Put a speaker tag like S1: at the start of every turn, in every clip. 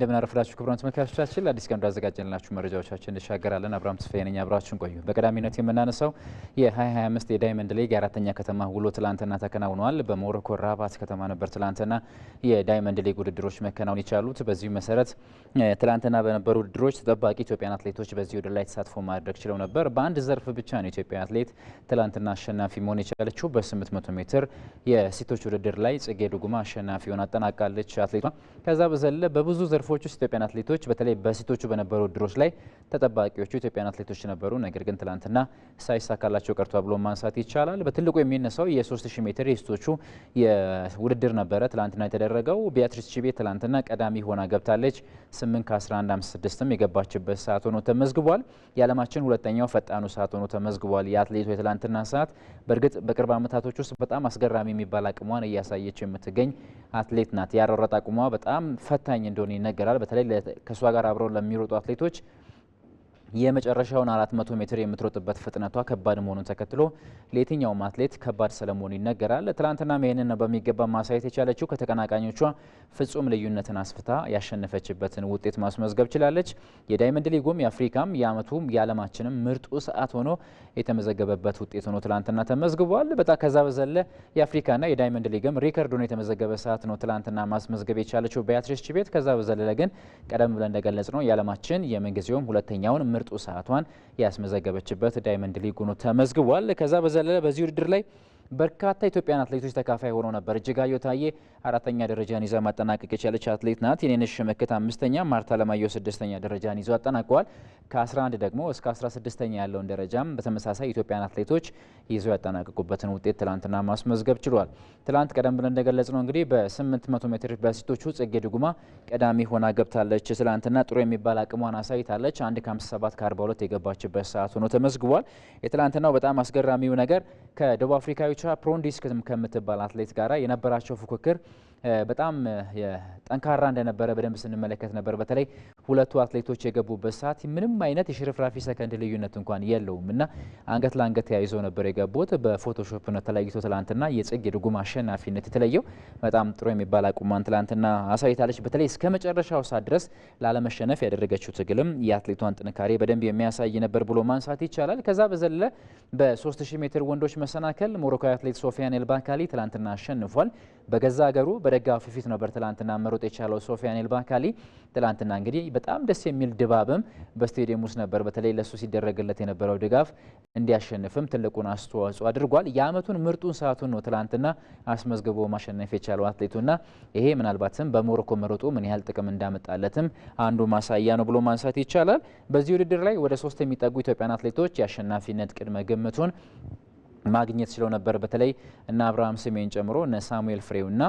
S1: እንደምን አረፈዳችሁ ክቡራን ተመልካቾቻችን። ለአዲስ ቀን እንዳዘጋጀንላችሁ መረጃዎቻችን እንሻገራለን። አብርሃም ተስፋዬ ነኝ፣ አብራችሁን ቆዩ። በቀዳሚነት የምናነሳው የ2025 የዳይመንድ ሊግ የአራተኛ ከተማ ውሎ ትላንትና ተከናውኗል። በሞሮኮ ራባት ከተማ ነበር ትላንትና የዳይመንድ ሊግ ውድድሮች መከናወን የቻሉት። በዚሁ መሰረት ትላንትና በነበሩ ውድድሮች ተጠባቂ ኢትዮጵያን አትሌቶች በዚህ ውድድር ላይ ተሳትፎ ማድረግ ችለው ነበር። በአንድ ዘርፍ ብቻ ነው ኢትዮጵያ አትሌት ትላንትና አሸናፊ መሆን የቻለችው። በ800 ሜትር የሴቶች ውድድር ላይ ጽጌ ዱጉማ አሸናፊ ሆና አጠናቃለች። አትሌቷ ከዛ በዘለ በብዙ ዘርፎ ሰልፎች ውስጥ ኢትዮጵያን አትሌቶች በተለይ በሴቶቹ በነበሩ ውድድሮች ላይ ተጠባቂዎቹ ኢትዮጵያን አትሌቶች ነበሩ። ነገር ግን ትላንትና ሳይሳካላቸው ቀርቷ ብሎ ማንሳት ይቻላል። በትልቁ የሚነሳው የ3000 ሜትር የሴቶቹ ውድድር ነበረ ትላንትና የተደረገው። ቢያትሪስ ቺቤ ትላንትና ቀዳሚ ሆና ገብታለች። 8 ከ1156ም የገባችበት ሰዓት ሆኖ ተመዝግቧል። የዓለማችን ሁለተኛው ፈጣኑ ሰዓት ሆኖ ተመዝግቧል። የአትሌቱ የትላንትና ሰዓት በእርግጥ በቅርብ ዓመታቶች ውስጥ በጣም አስገራሚ የሚባል አቅሟን እያሳየች የምትገኝ አትሌት ናት። የአሯሯጥ አቅሟ በጣም ፈታኝ እንደሆነ ይነገ ይነገራል። በተለይ ከእሷ ጋር አብረው ለሚሮጡ አትሌቶች የመጨረሻውን 400 ሜትር የምትሮጥበት ፍጥነቷ ከባድ መሆኑን ተከትሎ ለየትኛውም አትሌት ከባድ ስለመሆኑ ይነገራል። ትላንትናም ይህንን በሚገባ ማሳየት የቻለችው ከተቀናቃኞቿ ፍጹም ልዩነትን አስፍታ ያሸነፈችበትን ውጤት ማስመዝገብ ችላለች። የዳይመንድ ሊጉም የአፍሪካም የአመቱም የዓለማችንም ምርጡ ሰዓት ሆኖ የተመዘገበበት ውጤት ሆኖ ትላንትና ተመዝግቧል። በጣም ከዛ በዘለ የአፍሪካና የዳይመንድ ሊግም ሪከርድ ሆኖ የተመዘገበ ሰዓት ነው ትላንትና ማስመዝገብ የቻለችው ቢያትሪስ ቺቤት። ከዛ በዘለለ ግን ቀደም ብለን እንደገለጽ ነው የዓለማችን የምንጊዜውም ሁለተኛውን ምርጡ ሰዓቷን ያስመዘገበችበት ዳይመንድ ሊግ ተመዝግቧል። ከዛ በዘለለ በዚህ ውድድር ላይ በርካታ ኢትዮጵያን አትሌቶች ተካፋይ ሆነው ነበር። እጅጋየሁ ታዬ አራተኛ ደረጃን ይዛ ማጠናቀቅ የቻለች አትሌት ናት። የኔነሽ ምክት አምስተኛ፣ ማርታ ለማየሁ ስድስተኛ ደረጃን ይዞ አጠናቀዋል። ከ11 ደግሞ እስከ 16ኛ ያለውን ደረጃም በተመሳሳይ ኢትዮጵያን አትሌቶች ይዘው ያጠናቀቁበትን ውጤት ትላንትና ማስመዝገብ ችሏል። ትላንት ቀደም ብለን እንደገለጽ ነው እንግዲህ በ800 ሜትር በሴቶቹ ጽጌ ድጉማ ቀዳሚ ሆና ገብታለች። ትላንትና ጥሩ የሚባል አቅሟን አሳይታለች። 1 ከ57 ከ42 የገባችበት ሰዓት ሆኖ ተመዝግቧል። የትላንትናው በጣም አስገራሚው ነገር ከደቡብ አፍሪካዊ ኬቻ ፕሮንዲስ ከምትባል አትሌት ጋር የነበራቸው ፉክክር በጣም ጠንካራ እንደነበረ በደንብ ስንመለከት ነበር። በተለይ ሁለቱ አትሌቶች የገቡበት ሰዓት ምንም አይነት የሽርፍራፊ ሰከንድ ልዩነት እንኳን የለውም እና አንገት ለአንገት ተያይዘው ነበር የገቡት። በፎቶሾፕ ነው ተለይቶ ትላንትና የጽጌ ድጉማ አሸናፊነት የተለየው። በጣም ጥሩ የሚባል አቁሟን ትላንትና አሳይታለች። በተለይ እስከ መጨረሻው ሰዓት ድረስ ላለመሸነፍ ያደረገችው ትግልም የአትሌቷን ጥንካሬ በደንብ የሚያሳይ ነበር ብሎ ማንሳት ይቻላል። ከዛ በዘለ በ3000 ሜትር ወንዶች መሰናከል ሞሮካዊ አትሌት ሶፊያን ኤልባካሊ ትላንትና አሸንፏል። በገዛ ሀገሩ በደጋፊ ፊት ነበር ትላንትና መሮጥ የቻለው ሶፊያን ኤልባካሊ ትላንትና እንግዲህ በጣም ደስ የሚል ድባብም በስቴዲየም ውስጥ ነበር። በተለይ ለእሱ ሲደረግለት የነበረው ድጋፍ እንዲያሸንፍም ትልቁን አስተዋጽኦ አድርጓል። የአመቱን ምርጡን ሰዓቱን ነው ትላንትና አስመዝግቦ ማሸነፍ የቻለው አትሌቱና ይሄ ምናልባትም በሞሮኮ መሮጡ ምን ያህል ጥቅም እንዳመጣለትም አንዱ ማሳያ ነው ብሎ ማንሳት ይቻላል። በዚህ ውድድር ላይ ወደ ሶስት የሚጠጉ ኢትዮጵያን አትሌቶች የአሸናፊነት ቅድመ ግምቱን ማግኘት ችለው ነበር። በተለይ እነ አብርሃም ስሜን ጨምሮ እነ ሳሙኤል ፍሬውና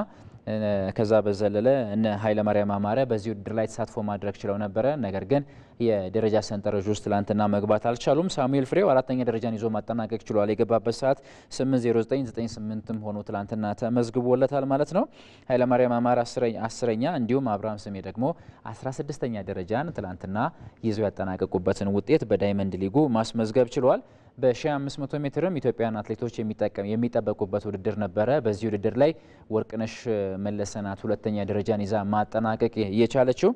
S1: ከዛ በዘለለ እነ ኃይለማርያም አማረ በዚህ ውድድር ላይ ተሳትፎ ማድረግ ችለው ነበረ ነገር ግን የደረጃ ሰንጠረዥ ውስጥ ትላንትና መግባት አልቻሉም። ሳሙኤል ፍሬው አራተኛ ደረጃን ይዞ ማጠናቀቅ ችሏል። የገባበት ሰዓት 80998ም ሆኖ ትላንትና ተመዝግቦለታል ማለት ነው። ኃይለማርያም አማር አስረኛ እንዲሁም አብርሃም ስሜ ደግሞ 16ተኛ ደረጃን ትላንትና ይዘው ያጠናቀቁበትን ውጤት በዳይመንድ ሊጉ ማስመዝገብ ችሏል። በ1500 ሜትርም ኢትዮጵያን አትሌቶች የሚጠበቁበት ውድድር ነበረ። በዚህ ውድድር ላይ ወርቅነሽ መለሰናት ሁለተኛ ደረጃን ይዛ ማጠናቀቅ የቻለችው፣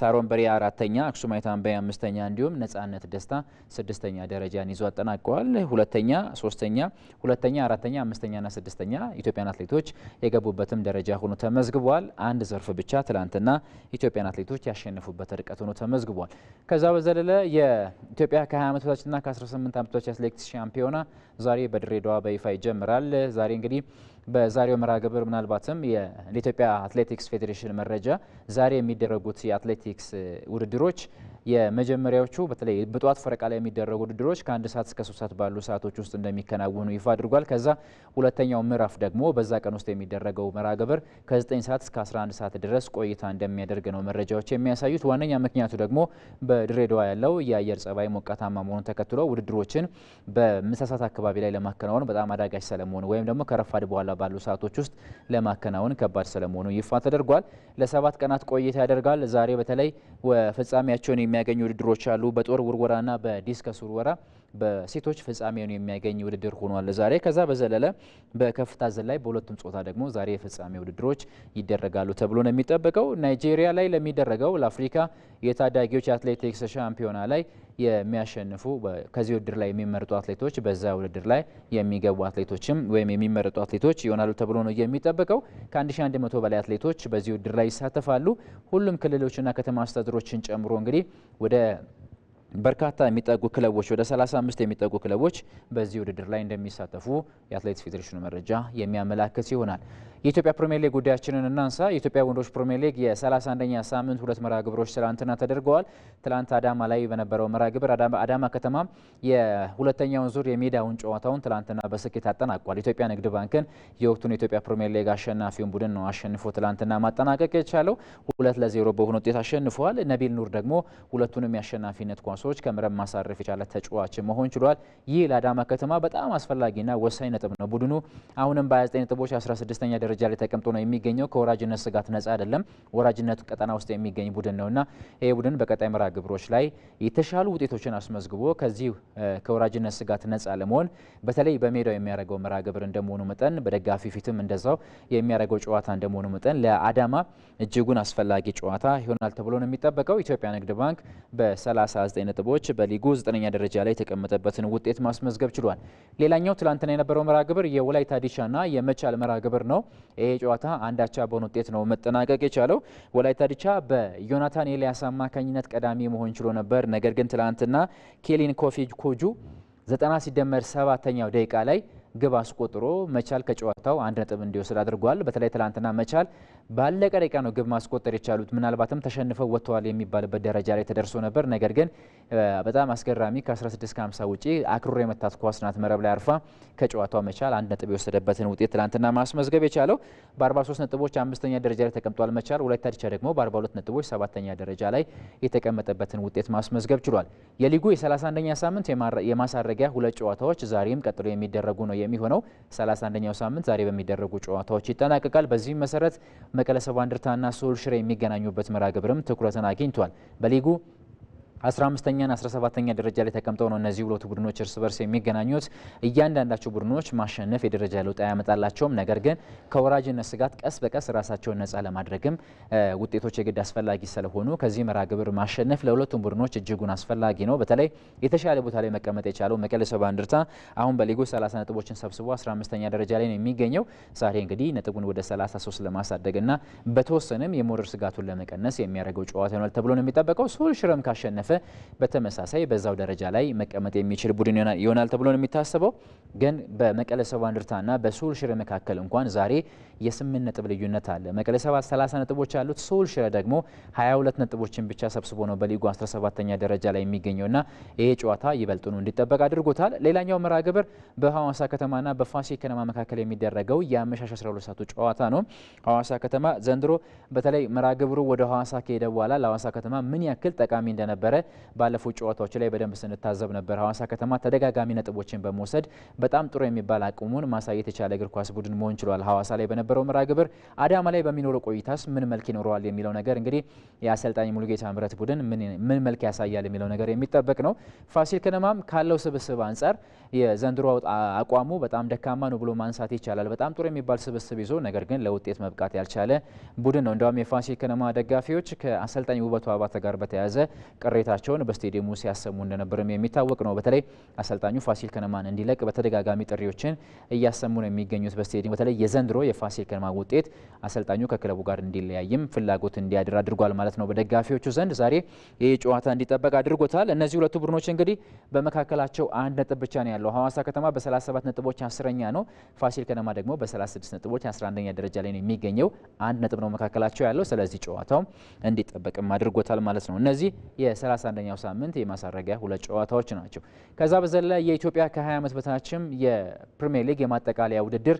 S1: ሳሮን በሪያ አራተኛ፣ አክሱማይት አምባ አበበ አምስተኛ እንዲሁም ነጻነት ደስታ ስድስተኛ ደረጃን ይዞ አጠናቀዋል። ሁለተኛ፣ ሶስተኛ፣ ሁለተኛ፣ አራተኛ፣ አምስተኛና ስድስተኛ ኢትዮጵያን አትሌቶች የገቡበትም ደረጃ ሆኖ ተመዝግቧል። አንድ ዘርፍ ብቻ ትላንትና ኢትዮጵያን አትሌቶች ያሸነፉበት ርቀት ሆኖ ተመዝግቧል። ከዛ በዘለለ የኢትዮጵያ ከ20 ዓመት በታችና ከ18 ዓመት በታች አትሌቲክስ ሻምፒዮና ዛሬ በድሬዳዋ በይፋ ይጀምራል። ዛሬ እንግዲህ በዛሬው መርሃ ግብር ምናልባትም የኢትዮጵያ አትሌቲክስ ፌዴሬሽን መረጃ ዛሬ የሚደረጉት የአትሌቲክስ ውድድሮች የመጀመሪያዎቹ በተለይ በጠዋት ፈረቃ ላይ የሚደረጉ ውድድሮች ከአንድ ሰዓት እስከ ሶስት ሰዓት ባሉ ሰዓቶች ውስጥ እንደሚከናወኑ ይፋ አድርጓል። ከዛ ሁለተኛው ምዕራፍ ደግሞ በዛ ቀን ውስጥ የሚደረገው መርሃ ግብር ከ9 ሰዓት እስከ 11 ሰዓት ድረስ ቆይታ እንደሚያደርግ ነው መረጃዎች የሚያሳዩት። ዋነኛ ምክንያቱ ደግሞ በድሬዳዋ ያለው የአየር ጸባይ ሞቃታማ መሆኑን ተከትሎ ውድድሮችን በምሳ ሰዓት አካባቢ ላይ ለማከናወን በጣም አዳጋች ስለመሆኑ ወይም ደግሞ ከረፋድ በኋላ ባሉ ሰዓቶች ውስጥ ለማከናወን ከባድ ስለመሆኑ ይፋ ተደርጓል። ለሰባት ቀናት ቆይታ ያደርጋል። ዛሬ በተለይ ፍጻሜያቸውን የሚያገኙ ውድድሮች አሉ። በጦር ውርወራና በዲስከስ ውርወራ በሴቶች ፍጻሜውን የሚያገኝ ውድድር ሆኗል ዛሬ። ከዛ በዘለለ በከፍታ ዝላይ በሁለቱም ጾታ ደግሞ ዛሬ የፍጻሜ ውድድሮች ይደረጋሉ ተብሎ ነው የሚጠበቀው። ናይጄሪያ ላይ ለሚደረገው ለአፍሪካ የታዳጊዎች አትሌቲክስ ሻምፒዮና ላይ የሚያሸንፉ ከዚህ ውድድር ላይ የሚመረጡ አትሌቶች በዛ ውድድር ላይ የሚገቡ አትሌቶችም ወይም የሚመረጡ አትሌቶች ይሆናሉ ተብሎ ነው የሚጠበቀው። ከ1100 በላይ አትሌቶች በዚህ ውድድር ላይ ይሳተፋሉ። ሁሉም ክልሎችና ከተማ አስተዳደሮችን ጨምሮ እንግዲህ ወደ በርካታ የሚጠጉ ክለቦች ወደ 35 የሚጠጉ ክለቦች በዚህ ውድድር ላይ እንደሚሳተፉ የአትሌቲክስ ፌዴሬሽኑ መረጃ የሚያመላክት ይሆናል። የኢትዮጵያ ፕሪሚየር ሊግ ጉዳያችንን እናንሳ። የኢትዮጵያ ወንዶች ፕሪሚየር ሊግ የ31ኛ ሳምንት ሁለት መርሃ ግብሮች ትላንትና ተደርገዋል። ትላንት አዳማ ላይ በነበረው መርሃ ግብር አዳማ ከተማ የሁለተኛውን ዙር የሜዳውን ጨዋታውን ትላንትና በስኬት አጠናቋል። ኢትዮጵያ ንግድ ባንክን የወቅቱን የኢትዮጵያ ፕሪሚየር ሊግ አሸናፊውን ቡድን ነው አሸንፎ ትላንትና ማጠናቀቅ የቻለው። ሁለት ለዜሮ በሆነ ውጤት አሸንፈዋል። ነቢል ኑር ደግሞ ሁለቱንም የአሸናፊነት ኳሶች ከመረብ ማሳረፍ የቻለ ተጫዋች መሆን ችሏል። ይህ ለአዳማ ከተማ በጣም አስፈላጊና ወሳኝ ነጥብ ነው። ቡድኑ አሁንም በ29 ነጥቦች 16ኛ ደረጃ ላይ ተቀምጦ ነው የሚገኘው። ከወራጅነት ስጋት ነጻ አይደለም። ወራጅነት ቀጠና ውስጥ የሚገኝ ቡድን ነውና ይሄ ቡድን በቀጣይ መርሃ ግብሮች ላይ የተሻሉ ውጤቶችን አስመዝግቦ ከዚህ ከወራጅነት ስጋት ነጻ ለመሆን በተለይ በሜዳው የሚያደርገው መርሃ ግብር እንደመሆኑ መጠን በደጋፊ ፊትም እንደዛው የሚያደርገው ጨዋታ እንደመሆኑ መጠን ለአዳማ እጅጉን አስፈላጊ ጨዋታ ይሆናል ተብሎ ነው የሚጠበቀው። ኢትዮጵያ ንግድ ባንክ በ39 ነጥቦች በሊጉ 9ኛ ደረጃ ላይ የተቀመጠበትን ውጤት ማስመዝገብ ችሏል። ሌላኛው ትላንትና የነበረው መርሃ ግብር የወላይታ ዲቻና የመቻል መርሃ ግብር ነው። ይሄ ጨዋታ አንድ አቻ በሆነ ውጤት ነው መጠናቀቅ የቻለው። ወላይታ ድቻ በዮናታን ኤልያስ አማካኝነት ቀዳሚ መሆን ችሎ ነበር። ነገር ግን ትላንትና ኬሊን ኮፊ ኮጁ 90 ሲደመር ሰባተኛው ደቂቃ ላይ ግብ አስቆጥሮ መቻል ከጨዋታው አንድ ነጥብ እንዲወስድ አድርጓል። በተለይ ትላንትና መቻል ባለቀ ደቂቃ ነው ግብ ማስቆጠር የቻሉት። ምናልባትም ተሸንፈው ወጥተዋል የሚባልበት ደረጃ ላይ ተደርሶ ነበር። ነገር ግን በጣም አስገራሚ ከ16 50 ውጪ አክርሮ የመታት ኳስ ናት መረብ ላይ አርፋ ከጨዋታው መቻል አንድ ነጥብ የወሰደበትን ውጤት ትላንትና ማስመዝገብ የቻለው በ43 ነጥቦች አምስተኛ ደረጃ ላይ ተቀምጧል። መቻል ወላይታ ዲቻ ደግሞ በ42 ነጥቦች ሰባተኛ ደረጃ ላይ የተቀመጠበትን ውጤት ማስመዝገብ ችሏል። የሊጉ የ31ኛ ሳምንት የማሳረጊያ ሁለት ጨዋታዎች ዛሬም ቀጥሎ የሚደረጉ ነው የሚሆነው። 31ኛው ሳምንት ዛሬ በሚደረጉ ጨዋታዎች ይጠናቀቃል። በዚህም መሰረት መቀለ ሰባ እንደርታና ሶል ሽሬ የሚገናኙበት መርሃ ግብርም ትኩረትን አግኝቷል። በሊጉ 15ኛና 17ኛ ደረጃ ላይ ተቀምጠው ነው እነዚህ ሁለቱ ቡድኖች እርስ በርስ የሚገናኙት። እያንዳንዳቸው ቡድኖች ማሸነፍ የደረጃ ለውጥ አያመጣላቸውም። ነገር ግን ከወራጅነት ስጋት ቀስ በቀስ ራሳቸውን ነፃ ለማድረግም ውጤቶች የግድ አስፈላጊ ስለሆኑ ከዚህ መርሃ ግብር ማሸነፍ ለሁለቱም ቡድኖች እጅጉን አስፈላጊ ነው። በተለይ የተሻለ ቦታ ላይ መቀመጥ የቻለው መቀለ ሰባ እንደርታ አሁን በሊጉ 30 ነጥቦችን ሰብስቦ 15ኛ ደረጃ ላይ ነው የሚገኘው። ዛሬ እንግዲህ ነጥቡን ወደ 33 ለማሳደግና በተወሰነም የሞረር ስጋቱን ለመቀነስ የሚያደርገው ጨዋታ ይሆናል ተብሎ ነው የሚጠበቀው። ሱል ሽረም ካሸነፈ በተመሳሳይ በዛው ደረጃ ላይ መቀመጥ የሚችል ቡድን ይሆናል ተብሎ ነው የሚታሰበው። ግን በመቀለ ሰባ እንደርታና በሱል መካከል እንኳን ዛሬ የስምንት ነጥብ ልዩነት አለ። መቀሌ ሰባት 30 ነጥቦች አሉት። ሶል ሽረ ደግሞ 22 ነጥቦችን ብቻ ሰብስቦ ነው በሊጉ 17ኛ ደረጃ ላይ የሚገኘውና ይሄ ጨዋታ ይበልጡኑ እንዲጠበቅ አድርጎታል። ሌላኛው መርሃ ግብር በሐዋሳ ከተማና በፋሲል ከነማ መካከል የሚደረገው የአመሻሽ 12 ሰዓቱ ጨዋታ ነው። ሐዋሳ ከተማ ዘንድሮ በተለይ መርሃ ግብሩ ወደ ሐዋሳ ከሄደ በኋላ ለሐዋሳ ከተማ ምን ያክል ጠቃሚ እንደነበረ ባለፉት ጨዋታዎች ላይ በደንብ ስንታዘብ ነበር። ሐዋሳ ከተማ ተደጋጋሚ ነጥቦችን በመውሰድ በጣም ጥሩ የሚባል አቅሙን ማሳየት የቻለ እግር ኳስ ቡድን መሆን ችሏል ሐዋሳ ላይ የነበረው መርሃ ግብር አዳማ ላይ በሚኖረው ቆይታስ ምን መልክ ይኖረዋል የሚለው ነገር እንግዲህ የአሰልጣኝ ሙሉጌታ ምረት ቡድን ምን መልክ ያሳያል የሚለው ነገር የሚጠበቅ ነው። ፋሲል ከነማም ካለው ስብስብ አንጻር የዘንድሮ አቋሙ በጣም ደካማ ነው ብሎ ማንሳት ይቻላል። በጣም ጥሩ የሚባል ስብስብ ይዞ ነገር ግን ለውጤት መብቃት ያልቻለ ቡድን ነው። እንዲያውም የፋሲል ከነማ ደጋፊዎች ከአሰልጣኝ ውበቱ አባተ ጋር በተያያዘ ቅሬታቸውን በስቴዲየሙ ሲያሰሙ እንደነበርም የሚታወቅ ነው። በተለይ አሰልጣኙ ፋሲል ከነማን እንዲለቅ በተደጋጋሚ ጥሪዎችን እያሰሙ ነው የሚገኙት በስቴዲየሙ በተለይ የዘንድሮ የፋሲል ከነማ ውጤት አሰልጣኙ ከክለቡ ጋር እንዲለያይም ፍላጎት እንዲያድር አድርጓል ማለት ነው በደጋፊዎቹ ዘንድ። ዛሬ ይህ ጨዋታ እንዲጠበቅ አድርጎታል። እነዚህ ሁለቱ ቡድኖች እንግዲህ በመካከላቸው አንድ ነጥብ ብቻ ነው ያለው። ሐዋሳ ከተማ በ37 ነጥቦች አስረኛ ነው። ፋሲል ከነማ ደግሞ በ36 ነጥቦች 11ኛ ደረጃ ላይ ነው የሚገኘው። አንድ ነጥብ ነው መካከላቸው ያለው። ስለዚህ ጨዋታው እንዲጠበቅም አድርጎታል ማለት ነው። እነዚህ የ31ኛው ሳምንት የማሳረጊያ ሁለት ጨዋታዎች ናቸው። ከዛ በዘለ የኢትዮጵያ ከ20 ዓመት በታችም የፕሪሚየር ሊግ የማጠቃለያ ውድድር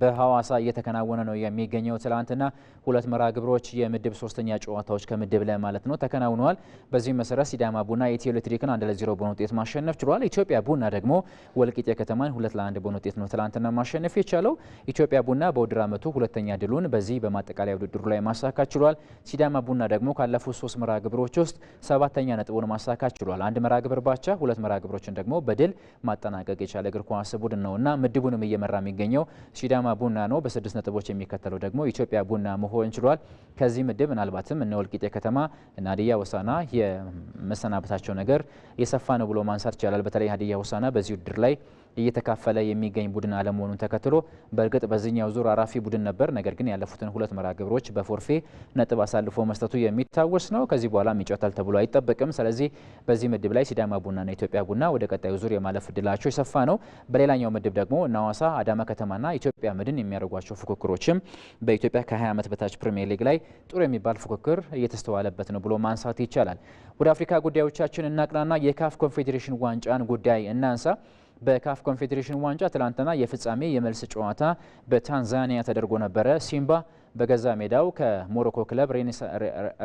S1: በሐዋሳ እየተከናወነ ነው የሚገኘው። ትላንትና ሁለት መርሃ ግብሮች የምድብ ሶስተኛ ጨዋታዎች ከምድብ ላይ ማለት ነው ተከናውነዋል። በዚህም መሰረት ሲዳማ ቡና ኢትዮ ኤሌክትሪክን አንድ ለዜሮ በሆነ ውጤት ማሸነፍ ችሏል። ኢትዮጵያ ቡና ደግሞ ወልቂጤ ከተማን ሁለት ለአንድ በሆነ ውጤት ነው ትላንትና ማሸነፍ የቻለው። ኢትዮጵያ ቡና በውድድር ዓመቱ ሁለተኛ ድሉን በዚህ በማጠቃለያ ውድድሩ ላይ ማሳካት ችሏል። ሲዳማ ቡና ደግሞ ካለፉት ሶስት መርሃ ግብሮች ውስጥ ሰባተኛ ነጥቡን ማሳካት ችሏል። አንድ መርሃ ግብር ባቻ፣ ሁለት መርሃ ግብሮችን ደግሞ በድል ማጠናቀቅ የቻለ እግር ኳስ ቡድን ነው ነውና ምድቡንም እየመራ የሚገኘው ሲዳ ሲዳማ ቡና ነው በስድስት ነጥቦች የሚከተለው ደግሞ ኢትዮጵያ ቡና መሆን ችሏል። ከዚህ ምድብ ምናልባትም እነ ወልቂጤ ከተማ እና ሀዲያ ሆሳዕና የመሰናበታቸው ነገር የሰፋ ነው ብሎ ማንሳት ይቻላል። በተለይ ሀዲያ ሆሳዕና በዚህ ውድድር ላይ እየተካፈለ የሚገኝ ቡድን አለመሆኑን ተከትሎ በእርግጥ በዚህኛው ዙር አራፊ ቡድን ነበር። ነገር ግን ያለፉትን ሁለት መራ ግብሮች በፎርፌ ነጥብ አሳልፎ መስጠቱ የሚታወስ ነው። ከዚህ በኋላ ይጫወታል ተብሎ አይጠበቅም። ስለዚህ በዚህ ምድብ ላይ ሲዳማ ቡናና ኢትዮጵያ ቡና ወደ ቀጣዩ ዙር የማለፍ እድላቸው የሰፋ ነው። በሌላኛው ምድብ ደግሞ ናዋሳ፣ አዳማ ከተማና ኢትዮጵያ መድን የሚያደርጓቸው ፉክክሮችም በኢትዮጵያ ከ20 ዓመት በታች ፕሪሚየር ሊግ ላይ ጥሩ የሚባል ፉክክር እየተስተዋለበት ነው ብሎ ማንሳት ይቻላል። ወደ አፍሪካ ጉዳዮቻችን እናቅናና የካፍ ኮንፌዴሬሽን ዋንጫን ጉዳይ እናንሳ። በካፍ ኮንፌዴሬሽን ዋንጫ ትላንትና የፍጻሜ የመልስ ጨዋታ በታንዛኒያ ተደርጎ ነበረ። ሲምባ በገዛ ሜዳው ከሞሮኮ ክለብ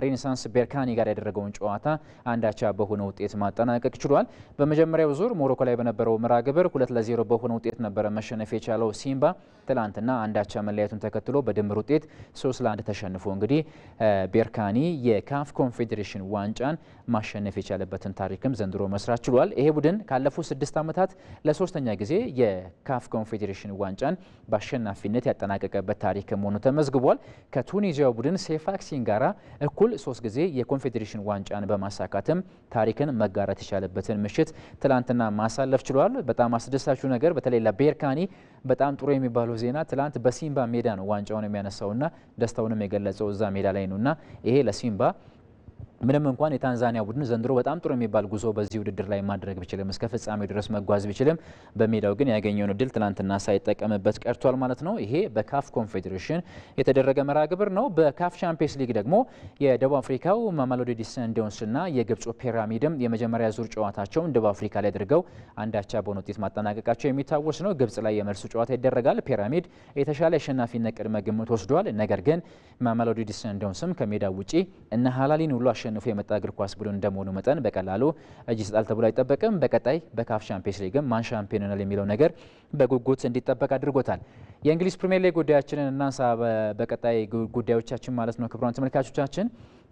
S1: ሬኔሳንስ ቤርካኒ ጋር ያደረገውን ጨዋታ አንዳቻ በሆነ ውጤት ማጠናቀቅ ችሏል። በመጀመሪያው ዙር ሞሮኮ ላይ በነበረው ምራ ግብር ሁለት ለዜሮ በሆነ ውጤት ነበረ መሸነፍ የቻለው ሲምባ ትላንትና አንዳቻ መለያቱን ተከትሎ በድምር ውጤት ሶስት ለአንድ ተሸንፎ እንግዲህ ቤርካኒ የካፍ ኮንፌዴሬሽን ዋንጫን ማሸነፍ የቻለበትን ታሪክም ዘንድሮ መስራት ችሏል። ይሄ ቡድን ካለፉት ስድስት ዓመታት ለሶስተኛ ጊዜ የካፍ ኮንፌዴሬሽን ዋንጫን በአሸናፊነት ያጠናቀቀበት ታሪክ መሆኑ ተመዝግቧል። አድርጓል። ከቱኒዚያው ቡድን ሴፋክሲን ጋራ እኩል ሶስት ጊዜ የኮንፌዴሬሽን ዋንጫን በማሳካትም ታሪክን መጋራት የቻለበትን ምሽት ትላንትና ማሳለፍ ችሏል። በጣም አስደሳቹ ነገር በተለይ ለቤርካኒ በጣም ጥሩ የሚባለው ዜና ትላንት በሲምባ ሜዳ ነው ዋንጫውን የሚያነሳውና ደስታውንም የገለጸው እዛ ሜዳ ላይ ነውና ይሄ ለሲምባ ምንም እንኳን የታንዛኒያ ቡድን ዘንድሮ በጣም ጥሩ የሚባል ጉዞ በዚህ ውድድር ላይ ማድረግ ቢችልም እስከ ፍጻሜው ድረስ መጓዝ ቢችልም በሜዳው ግን ያገኘውን እድል ትናንትና ሳይጠቀምበት ቀርቷል ማለት ነው። ይሄ በካፍ ኮንፌዴሬሽን የተደረገ መርሃ ግብር ነው። በካፍ ቻምፒየንስ ሊግ ደግሞ የደቡብ አፍሪካው ማሜሎዲ ሰንደውንስና የግብፁ ፒራሚድም የመጀመሪያ ዙር ጨዋታቸውን ደቡብ አፍሪካ ላይ አድርገው አንዳቻ በሆነ ውጤት ማጠናቀቃቸው የሚታወስ ነው። ግብጽ ላይ የመልሱ ጨዋታ ይደረጋል። ፒራሚድ የተሻለ አሸናፊነት ቅድመ ግምት ወስዷል። ነገር ግን ማሜሎዲ ሰንደውንስም ከሜዳው ውጪ እነ ሀላሊን ሁሉ አሸ አሸንፎ የመጣ እግር ኳስ ቡድን እንደመሆኑ መጠን በቀላሉ እጅ ይሰጣል ተብሎ አይጠበቅም። በቀጣይ በካፍ ሻምፒየንስ ሊግም ማን ሻምፒዮን ይሆናል የሚለው ነገር በጉጉት እንዲጠበቅ አድርጎታል። የእንግሊዝ ፕሪምየር ሊግ ጉዳያችንን እናንሳ፣ በቀጣይ ጉዳዮቻችን ማለት ነው። ክቡራን ተመልካቾቻችን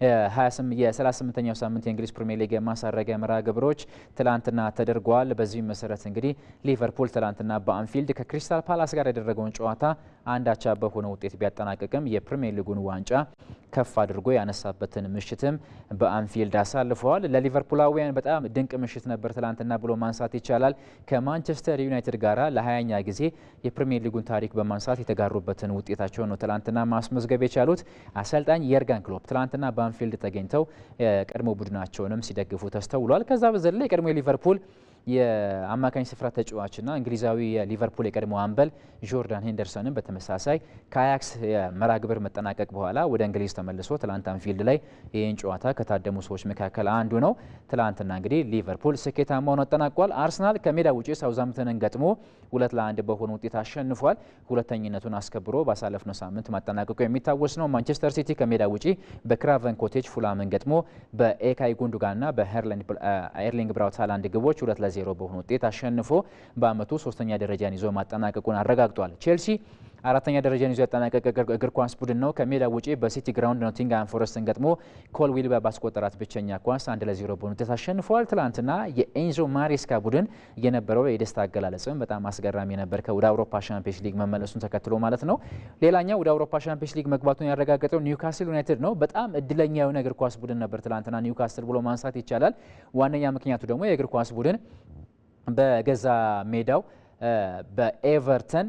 S1: የ38ኛው ሳምንት የእንግሊዝ ፕሪሚየር ሊግ የማሳረጊያ መርሃ ግብሮች ትላንትና ተደርጓል። በዚህም መሰረት እንግዲህ ሊቨርፑል ትላንትና በአንፊልድ ከክሪስታል ፓላስ ጋር ያደረገውን ጨዋታ አንዳቻ በሆነ ውጤት ቢያጠናቅቅም የፕሪሚየር ሊጉን ዋንጫ ከፍ አድርጎ ያነሳበትን ምሽትም በአንፊልድ አሳልፈዋል። ለሊቨርፑላውያን በጣም ድንቅ ምሽት ነበር ትላንትና ብሎ ማንሳት ይቻላል። ከማንቸስተር ዩናይትድ ጋራ ለሀያኛ ጊዜ የፕሪሚየር ሊጉን ታሪክ በማንሳት የተጋሩበትን ውጤታቸው ነው ትላንትና ማስመዝገብ የቻሉት አሰልጣኝ የርገን ክሎፕ ትላንትና አንፊልድ ተገኝተው የቀድሞ ቡድናቸውንም ሲደግፉ ተስተውሏል። ከዛ በዘለ የቀድሞ የሊቨርፑል የአማካኝ ስፍራ ተጫዋችና እንግሊዛዊ የሊቨርፑል የቀድሞ አምበል ጆርዳን ሄንደርሰንን በተመሳሳይ ከአያክስ የመራግብር መጠናቀቅ በኋላ ወደ እንግሊዝ ተመልሶ ትላንት አንፊልድ ላይ ይህን ጨዋታ ከታደሙ ሰዎች መካከል አንዱ ነው። ትላንትና እንግዲህ ሊቨርፑል ስኬታማ ሆኖ አጠናቋል። አርሰናል ከሜዳ ውጪ ሳውዛምፕተንን ገጥሞ ሁለት ለአንድ በሆነ ውጤት አሸንፏል። ሁለተኝነቱን አስከብሮ ባሳለፍነው ሳምንት ማጠናቀቁ የሚታወስ ነው። ማንቸስተር ሲቲ ከሜዳ ውጪ በክራቨን ኮቴጅ ፉላምን ገጥሞ በኤካይ ጉንዱጋና በኤርሊንግ ብራውት ሃላንድ ግቦች ሁለት ለ ለዜሮ በሆነ ውጤት አሸንፎ በአመቱ ሶስተኛ ደረጃን ይዞ ማጠናቀቁን አረጋግጧል። ቼልሲ አራተኛ ደረጃን ይዞ ያጠናቀቀ እግር ኳስ ቡድን ነው። ከሜዳ ውጪ በሲቲ ግራውንድ ኖቲንግሃም ፎረስትን ገጥሞ ኮል ዊልባ ባስቆጠራት ብቸኛ ኳስ አንድ ለዜሮ በሆነ ውጤት አሸንፏል። ትላንትና የኤንዞ ማሬስካ ቡድን የነበረው የደስታ አገላለጽም በጣም አስገራሚ ነበር። ከወደ አውሮፓ ሻምፒየንስ ሊግ መመለሱን ተከትሎ ማለት ነው። ሌላኛው ወደ አውሮፓ ሻምፒየንስ ሊግ መግባቱን ያረጋገጠው ኒውካስል ዩናይትድ ነው። በጣም እድለኛ የሆነ እግር ኳስ ቡድን ነበር ትላንትና ኒውካስል ብሎ ማንሳት ይቻላል። ዋነኛ ምክንያቱ ደግሞ የእግር ኳስ ቡድን በገዛ ሜዳው በኤቨርተን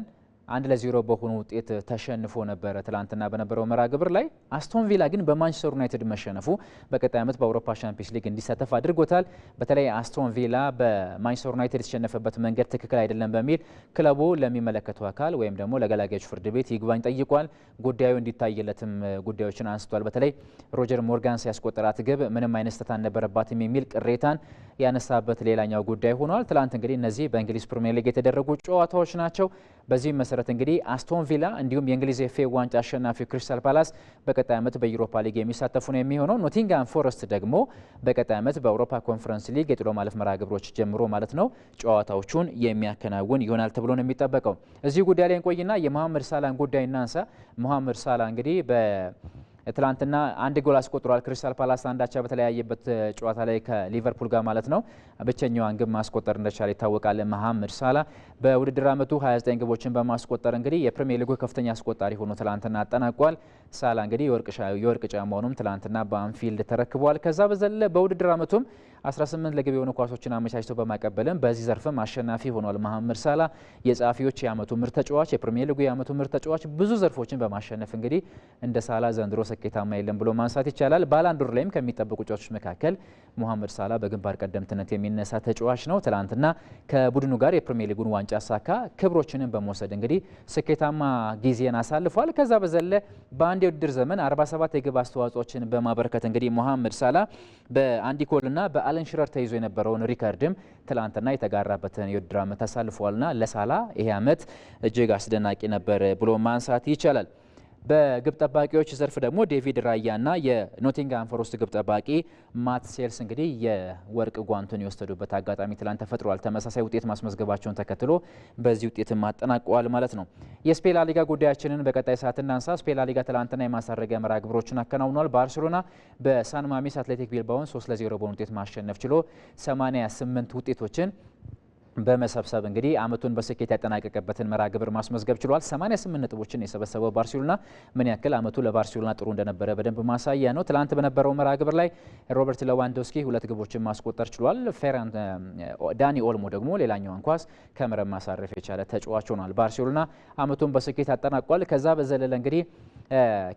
S1: አንድ ለዜሮ በሆነ ውጤት ተሸንፎ ነበረ ትላንትና በነበረው መራ ግብር ላይ። አስቶን ቪላ ግን በማንቸስተር ዩናይትድ መሸነፉ በቀጣይ ዓመት በአውሮፓ ቻምፒየንስ ሊግ እንዲሳተፍ አድርጎታል። በተለይ አስቶን ቪላ በማንቸስተር ዩናይትድ የተሸነፈበት መንገድ ትክክል አይደለም በሚል ክለቡ ለሚመለከተው አካል ወይም ደግሞ ለገላጋዮች ፍርድ ቤት ይግባኝ ጠይቋል። ጉዳዩ እንዲታይለትም ጉዳዮችን አንስቷል። በተለይ ሮጀር ሞርጋንስ ያስቆጠራት ግብ ምንም አይነት ስህተት አልነበረባትም የሚል ቅሬታን ያነሳበት ሌላኛው ጉዳይ ሆኗል። ትላንት እንግዲህ እነዚህ በእንግሊዝ ፕሪሚየር ሊግ የተደረጉ ጨዋታዎች ናቸው። በዚህም መሰረት እንግዲህ አስቶን ቪላ እንዲሁም የእንግሊዝ ኤፍ ኤ ዋንጫ አሸናፊው ክሪስታል ፓላስ በቀጣይ ዓመት በዩሮፓ ሊግ የሚሳተፉ ነው የሚሆነው። ኖቲንጋም ፎረስት ደግሞ በቀጣይ ዓመት በአውሮፓ ኮንፈረንስ ሊግ የጥሎ ማለፍ መርሃ ግብሮች ጀምሮ ማለት ነው ጨዋታዎቹን የሚያከናውን ይሆናል ተብሎ ነው የሚጠበቀው። እዚህ ጉዳይ ላይ እንቆይና የመሐመድ ሳላን ጉዳይ እናንሳ። መሐመድ ሳላ እንግዲህ በ ትላንትና አንድ ጎል አስቆጥሯል። ክሪስታል ፓላስ አንዳቻ በተለያየበት ጨዋታ ላይ ከሊቨርፑል ጋር ማለት ነው ብቸኛዋን ግብ ማስቆጠር እንደቻለ ይታወቃል። መሐመድ ሳላ በውድድር ዓመቱ 29 ግቦችን በማስቆጠር እንግዲህ የፕሪሚየር ሊጉ ከፍተኛ አስቆጣሪ ሆኖ ትላንትና አጠናቋል። ሳላ እንግዲህ የወርቅ ጫማውንም ትላንትና በአንፊልድ ተረክቧል። ከዛ በዘለ በውድድር አመቱም 18 ለግብ የሆኑ ኳሶችን አመቻችተው በማቀበልም በዚህ ዘርፍም አሸናፊ ሆኗል። መሐመድ ሳላ የጸሐፊዎች የአመቱ ምርጥ ተጫዋች፣ የፕሪሚየር ሊጉ የአመቱ ምርጥ ተጫዋች፣ ብዙ ዘርፎችን በማሸነፍ እንግዲህ እንደ ሳላ ዘንድሮ ስኬታማ የለም ብሎ ማንሳት ይቻላል። ባላንዶር ላይም ከሚጠበቁ ተጫዋቾች መካከል ሙሐመድ ሳላ በግንባር ቀደምትነት የሚነሳ ተጫዋች ነው። ትላንትና ከቡድኑ ጋር የፕሪሚየር ሊጉን ዋንጫ አሳካ። ክብሮችንም በመውሰድ እንግዲህ ስኬታማ ጊዜን አሳልፏል። ከዛ በዘለ በአንድ የውድድር ዘመን 47 የግብ አስተዋጽኦችን በማበረከት እንግዲህ ሙሐመድ ሳላ በአንዲ ኮልና በአለን ሽረር ተይዞ የነበረውን ሪከርድም ትላንትና የተጋራበትን የውድድር ዓመት አሳልፏልና ለሳላ ይሄ አመት እጅግ አስደናቂ ነበር ብሎ ማንሳት ይቻላል። በግብ ጠባቂዎች ዘርፍ ደግሞ ዴቪድ ራያና የኖቲንግሃም ፎረስት ግብ ጠባቂ ማት ሴልስ እንግዲህ የወርቅ ጓንቱን የወሰዱበት አጋጣሚ ትላንት ተፈጥሯል። ተመሳሳይ ውጤት ማስመዝገባቸውን ተከትሎ በዚህ ውጤትም አጠናቀዋል ማለት ነው። የስፔን ላሊጋ ጉዳያችንን በቀጣይ ሰዓት እናንሳ። ስፔን ላሊጋ ትላንትና የማሳረጊያ መርሃ ግብሮችን አከናውኗል። ባርሴሎና በሳን ማሜስ አትሌቲክ ቢልባውን 3 ለ0 በሆነ ውጤት ማሸነፍ ችሎ 88 ውጤቶችን በመሰብሰብ እንግዲህ አመቱን በስኬት ያጠናቀቀበትን መራ ግብር ማስመዝገብ ችሏል። 88 ነጥቦችን የሰበሰበው ባርሴሎና ምን ያክል አመቱ ለባርሴሎና ጥሩ እንደነበረ በደንብ ማሳያ ነው። ትላንት በነበረው መራ ግብር ላይ ሮበርት ሌዋንዶስኪ ሁለት ግቦችን ማስቆጠር ችሏል። ፌራን ዳኒ ኦልሞ ደግሞ ሌላኛዋን ኳስ ከመረብ ማሳረፍ የቻለ ተጫዋች ሆኗል። ባርሴሎና አመቱን በስኬት አጠናቋል። ከዛ በዘለለ እንግዲህ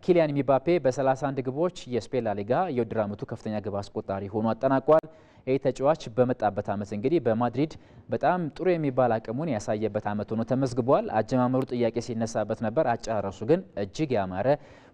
S1: ኪሊያን ሚባፔ በ31 ግቦች የስፔን ላሊጋ የውድድር አመቱ ከፍተኛ ግብ አስቆጣሪ ሆኖ አጠናቋል። ይህ ተጫዋች በመጣበት ዓመት እንግዲህ በማድሪድ በጣም ጥሩ የሚባል አቅሙን ያሳየበት ዓመት ሆኖ ተመዝግቧል። አጀማመሩ ጥያቄ ሲነሳበት ነበር። አጨራረሱ ግን እጅግ ያማረ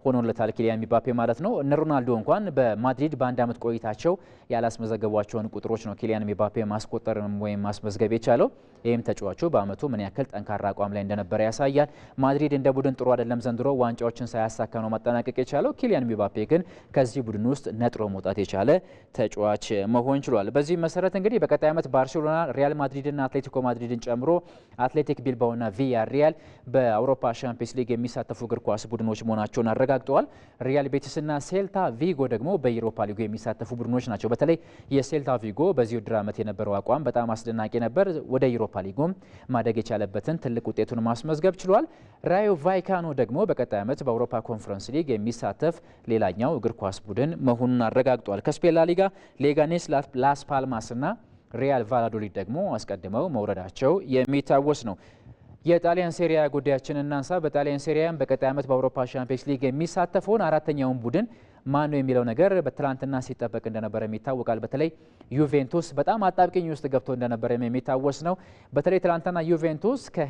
S1: ሆኖለታል ኪሊያን ሚባፔ ማለት ነው። እነ ሮናልዶ እንኳን በማድሪድ በአንድ ዓመት ቆይታቸው ያላስመዘገቧቸውን ቁጥሮች ነው ኪሊያን ሚባፔ ማስቆጠር ወይም ማስመዝገብ የቻለው። ይህም ተጫዋቹ በአመቱ ምን ያክል ጠንካራ አቋም ላይ እንደነበረ ያሳያል። ማድሪድ እንደ ቡድን ጥሩ አይደለም ዘንድሮ ዋንጫዎችን ሳያሳካ ነው ማጠናቀቅ የቻለው። ኪሊያን ሚባፔ ግን ከዚህ ቡድን ውስጥ ነጥሮ መውጣት የቻለ ተጫዋች መሆን ችሏል። በዚህ መሰረት እንግዲህ በቀጣይ ዓመት ባርሴሎና፣ ሪያል ማድሪድና አትሌቲኮ ማድሪድን ጨምሮ አትሌቲክ ቢልባውና ቪያሪያል በአውሮፓ ሻምፒየንስ ሊግ የሚሳተፉ እግር ኳስ ቡድኖች መሆናቸውን አረጋ አረጋግጠዋል። ሪያል ቤቲስና ሴልታ ቪጎ ደግሞ በኢሮፓ ሊጉ የሚሳተፉ ቡድኖች ናቸው። በተለይ የሴልታ ቪጎ በዚህ ውድድር ዓመት የነበረው አቋም በጣም አስደናቂ ነበር። ወደ ኢሮፓ ሊጉም ማደግ የቻለበትን ትልቅ ውጤቱን ማስመዝገብ ችሏል። ራዮ ቫይካኖ ደግሞ በቀጣይ ዓመት በአውሮፓ ኮንፈረንስ ሊግ የሚሳተፍ ሌላኛው እግር ኳስ ቡድን መሆኑን አረጋግጧል። ከስፔን ሊጋ ሌጋኔስ፣ ላስ ፓልማስና ሪያል ቫላዶሊድ ደግሞ አስቀድመው መውረዳቸው የሚታወስ ነው። የጣሊያን ሴሪያ ጉዳያችን እናንሳ። በጣሊያን ሴሪያን በቀጣይ ዓመት በአውሮፓ ሻምፒዮንስ ሊግ የሚሳተፈውን አራተኛውን ቡድን ማን ነው የሚለው ነገር በትላንትና ሲጠበቅ እንደነበረ የሚታወቃል። በተለይ ዩቬንቱስ በጣም አጣብቂኝ ውስጥ ገብቶ እንደነበረ የሚታወስ ነው። በተለይ ትላንትና ዩቬንቱስ ከ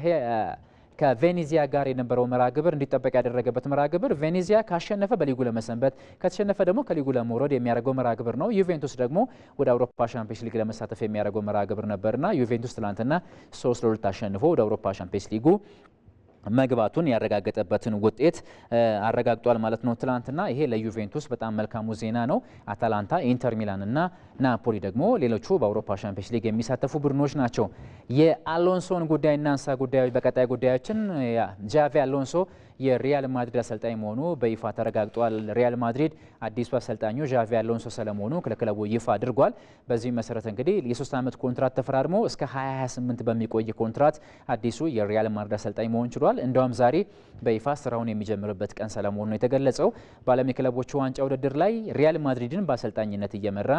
S1: ከቬኔዚያ ጋር የነበረው መርሃ ግብር እንዲጠበቅ ያደረገበት መርሃ ግብር ቬኔዚያ ካሸነፈ በሊጉ ለመሰንበት ከተሸነፈ ደግሞ ከሊጉ ለመውረድ የሚያደርገው መርሃ ግብር ነው። ዩቬንቱስ ደግሞ ወደ አውሮፓ ሻምፒየንስ ሊግ ለመሳተፍ የሚያደርገው መርሃ ግብር ነበርና ዩቬንቱስ ትላንትና ሶስት ለሁለት አሸንፎ ወደ አውሮፓ ሻምፒየንስ ሊጉ መግባቱን ያረጋገጠበትን ውጤት አረጋግጧል ማለት ነው ትላንትና። ይሄ ለዩቬንቱስ በጣም መልካሙ ዜና ነው። አታላንታ፣ ኢንተር ሚላን እና ናፖሊ ደግሞ ሌሎቹ በአውሮፓ ሻምፒዮንስ ሊግ የሚሳተፉ ቡድኖች ናቸው። የአሎንሶን ጉዳይ እናንሳ ጉዳዮች በቀጣይ ጉዳዮችን ጃቪ አሎንሶ የሪያል ማድሪድ አሰልጣኝ መሆኑ በይፋ ተረጋግጧል። ሪያል ማድሪድ አዲሱ አሰልጣኙ ዣቪ አሎንሶ ስለመሆኑ ክለቡ ይፋ አድርጓል። በዚህም መሰረት እንግዲህ የሶስት ዓመት ኮንትራት ተፈራርሞ እስከ 2028 በሚቆይ ኮንትራት አዲሱ የሪያል ማድሪድ አሰልጣኝ መሆን ችሏል። እንደውም ዛሬ በይፋ ስራውን የሚጀምርበት ቀን ስለመሆኑ ነው የተገለጸው። በዓለም የክለቦቹ ዋንጫ ውድድር ላይ ሪያል ማድሪድን በአሰልጣኝነት እየመራ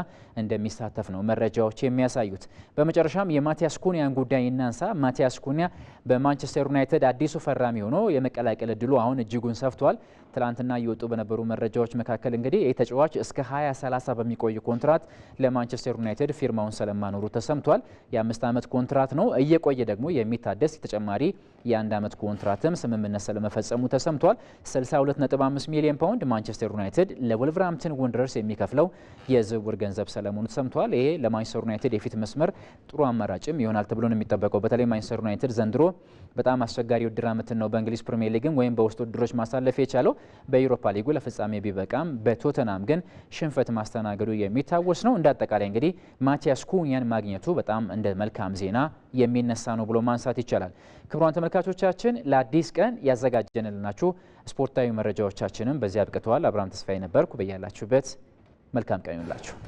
S1: እንደሚሳተፍ ነው መረጃዎች የሚያሳዩት። በመጨረሻም የማቲያስ ኩኒያን ጉዳይ እናንሳ። ማቲያስ ኩኒያ በማንቸስተር ዩናይትድ አዲሱ ፈራሚ ሆኖ የመቀላቀል እድሉ አሁን እጅጉን ሰፍቷል። ትላንትና እየወጡ በነበሩ መረጃዎች መካከል እንግዲህ ይህ ተጫዋች እስከ 2030 በሚቆይ ኮንትራት ለማንቸስተር ዩናይትድ ፊርማውን ስለማኖሩ ተሰምቷል። የአምስት ዓመት ኮንትራት ነው። እየቆየ ደግሞ የሚታደስ ተጨማሪ የአንድ ዓመት ኮንትራትም ስምምነት ስለመፈጸሙ ተሰምቷል። 62.5 ሚሊዮን ፓውንድ ማንቸስተር ዩናይትድ ለወልቨርሃምፕተን ወንደረርስ የሚከፍለው የዝውውር ገንዘብ ስለመሆኑ ተሰምቷል። ይሄ ለማንቸስተር ዩናይትድ የፊት መስመር ጥሩ አማራጭም ይሆናል ተብሎ ነው የሚጠበቀው። በተለይ ማንቸስተር ዩናይትድ ዘንድሮ በጣም አስቸጋሪ ውድድር ዓመትን ነው በእንግሊዝ ፕሪሚየር ሊግም ወይም በውስጥ ውድድሮች ማሳለፍ የቻለው በዩሮፓ ሊጉ ለፍጻሜ ቢበቃም በቶተናም ግን ሽንፈት ማስተናገዱ የሚታወስ ነው። እንዳጠቃላይ እንግዲህ ማቲያስ ኩኛን ማግኘቱ በጣም እንደ መልካም ዜና የሚነሳ ነው ብሎ ማንሳት ይቻላል። ክቡራን ተመልካቾቻችን ለአዲስ ቀን ያዘጋጀንልናችሁ ስፖርታዊ መረጃዎቻችንም በዚህ አብቅተዋል። አብርሃም ተስፋዬ ነበርኩ። በያላችሁበት መልካም ቀን ይሁንላችሁ።